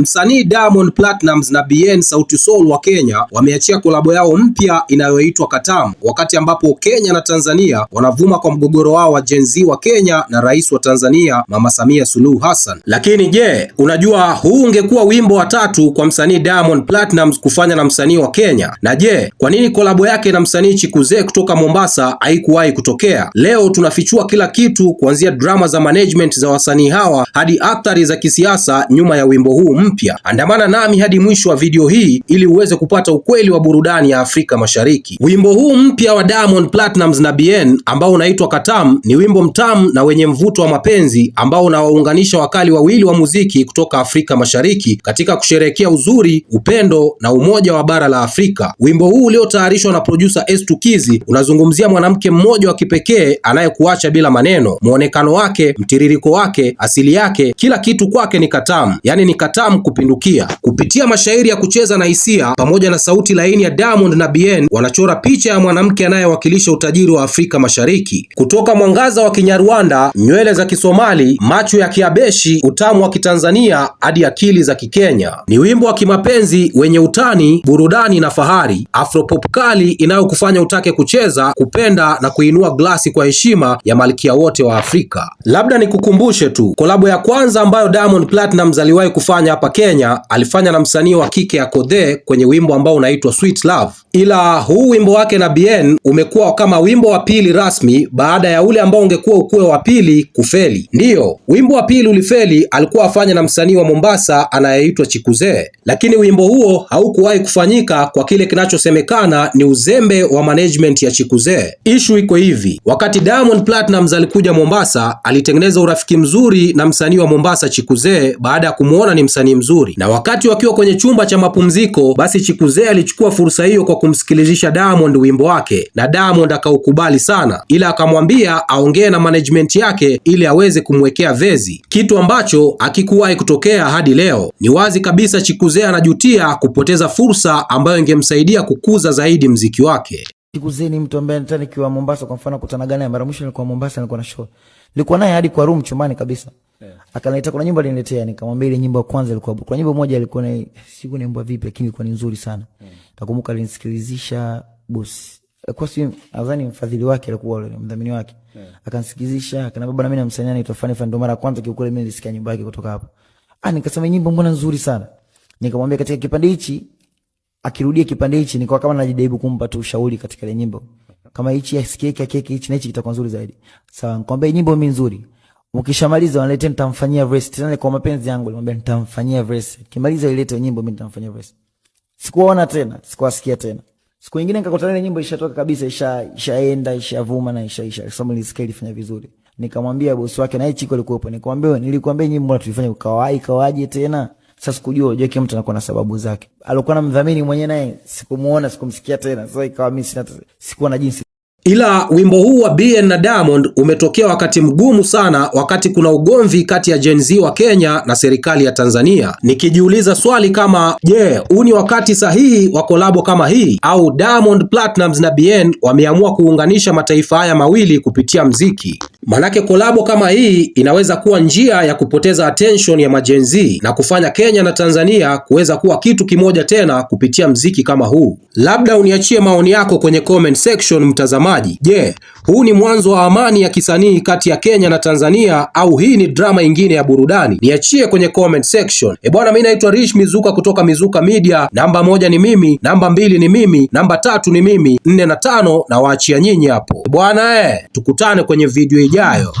Msanii Diamond Platnumz na Bien Sauti Sol wa Kenya wameachia kolabo yao mpya inayoitwa Katamu, wakati ambapo Kenya na Tanzania wanavuma kwa mgogoro wao wa Gen Z wa Kenya na rais wa Tanzania Mama Samia Suluhu Hassan. Lakini je, unajua huu ungekuwa wimbo wa tatu kwa msanii Diamond Platnumz kufanya na msanii wa Kenya? Na je, kwa nini kolabo yake na msanii chikuzee kutoka Mombasa haikuwahi kutokea? Leo tunafichua kila kitu kuanzia drama za management za wasanii hawa hadi athari za kisiasa nyuma ya wimbo huu mpya. Andamana nami hadi mwisho wa video hii ili uweze kupata ukweli wa burudani ya Afrika Mashariki. Wimbo huu mpya wa Diamond Platnumz na Bien ambao unaitwa katam ni wimbo mtamu na wenye mvuto wa mapenzi ambao unawaunganisha wakali wawili wa muziki kutoka Afrika Mashariki katika kusherehekea uzuri, upendo na umoja wa bara la Afrika. Wimbo huu uliotayarishwa na producer s unazungumzia mwanamke mmoja wa kipekee anayekuacha bila maneno. Muonekano wake, mtiririko wake, asili yake, kila kitu kwake ni katamu, yani ni katamu Salaam kupindukia. Kupitia mashairi ya kucheza na hisia pamoja na sauti laini ya Diamond na Bien, wanachora picha ya mwanamke anayewakilisha utajiri wa Afrika Mashariki, kutoka mwangaza wa Kinyarwanda, nywele za Kisomali, macho ya Kiabeshi, utamu wa Kitanzania hadi akili za Kikenya. Ni wimbo wa kimapenzi wenye utani, burudani na fahari, afropop kali inayokufanya utake kucheza, kupenda na kuinua glasi kwa heshima ya malkia wote wa Afrika. Labda nikukumbushe tu kolabo ya kwanza ambayo Diamond Platinum aliwahi kufanya hapa Kenya alifanya na msanii wa kike Akodhee kwenye wimbo ambao unaitwa Sweet Love, ila huu wimbo wake na Bien umekuwa kama wimbo wa pili rasmi baada ya ule ambao ungekuwa ukue wa pili kufeli. Ndiyo, wimbo wa pili ulifeli, alikuwa afanya na msanii wa Mombasa anayeitwa Chikuzee, lakini wimbo huo haukuwahi kufanyika kwa kile kinachosemekana ni uzembe wa management ya Chikuze. Ishu iko hivi, wakati Diamond Platnumz alikuja Mombasa, alitengeneza urafiki mzuri na msanii wa Mombasa Chikuze baada ya kumuona ni msanii ni mzuri, na wakati wakiwa kwenye chumba cha mapumziko, basi Chikuzee alichukua fursa hiyo kwa kumsikilizisha Diamond wimbo wake, na Diamond akaukubali sana, ila akamwambia aongee na management yake ili aweze kumwekea vezi, kitu ambacho akikuwahi kutokea hadi leo. Ni wazi kabisa Chikuzee anajutia kupoteza fursa ambayo ingemsaidia kukuza zaidi mziki wake. Chikuzee ni mtu ambaye hata nikiwa Mombasa kwa mfano, kutana gani mara mwisho nilikuwa Mombasa, nilikuwa na show, nilikuwa naye hadi kwa room chumani kabisa. Yeah. Akanileta kuna nyimbo aliniletea nikamwambia ile nyimbo ya kwanza ilikuwa kuna nyimbo moja ilikuwa na siku ni nyimbo vipi lakini ilikuwa ni nzuri sana. Mm. Nakumbuka Yeah. alinisikilizisha bosi Kwa si nadhani mfadhili wake alikuwa yule mdhamini wake. Yeah. Akanisikilizisha akaniambia bwana mimi na msanii anaitwa Fani Fani ndo mara ya kwanza kiukweli mimi nilisikia nyimbo yake kutoka hapo. Ah, nikasema nyimbo mbona nzuri sana. Nikamwambia katika kipande hichi akirudia kipande hichi nikawa kama najaribu kumpa tu ushauri katika ile nyimbo. Kama hichi asikieke keki hichi na hichi kitakuwa nzuri zaidi. Sawa, nikamwambia nyimbo mimi nzuri. Ukishamaliza unaleta nitamfanyia verse tena kwa mapenzi yangu, nilimwambia nitamfanyia verse. Kimaliza ilete nyimbo mimi nitamfanyia verse. Sikuona tena, sikuwasikia tena. Siku nyingine nikakutana ile nyimbo ishatoka kabisa, isha ishaenda, ishavuma na isha isha. Sasa nilisikia ilifanya vizuri. Nikamwambia bosi wake na yeye Chiko alikuwepo. Nikamwambia nilikwambia nyimbo tulifanya ukawai kawaje tena. Sasa sikujua unajua kila mtu anakuwa na sababu zake. Alikuwa na mdhamini mwenyewe naye sikumuona, sikumsikia tena. so ikawa mimi sina sikuwa na jinsi Ila wimbo huu wa bn na Diamond umetokea wakati mgumu sana, wakati kuna ugomvi kati ya Gen Z wa Kenya na serikali ya Tanzania, nikijiuliza swali kama je, yeah, huu ni wakati sahihi wa kolabo kama hii au Diamond Platnumz na bn wameamua kuunganisha mataifa haya mawili kupitia mziki? Manake kolabo kama hii inaweza kuwa njia ya kupoteza attention ya majenzi na kufanya Kenya na Tanzania kuweza kuwa kitu kimoja tena kupitia mziki kama huu. Labda uniachie maoni yako kwenye comment section mtazamaji. Je, yeah, huu ni mwanzo wa amani ya kisanii kati ya Kenya na Tanzania au hii ni drama ingine ya burudani? Niachie kwenye comment section. Eh bwana, mimi naitwa Rich Mizuka kutoka Mizuka Media. Namba moja ni mimi, namba mbili ni mimi, namba tatu ni mimi, nne na tano na waachia nyinyi hapo. E bwana eh, tukutane kwenye video ijayo. Yale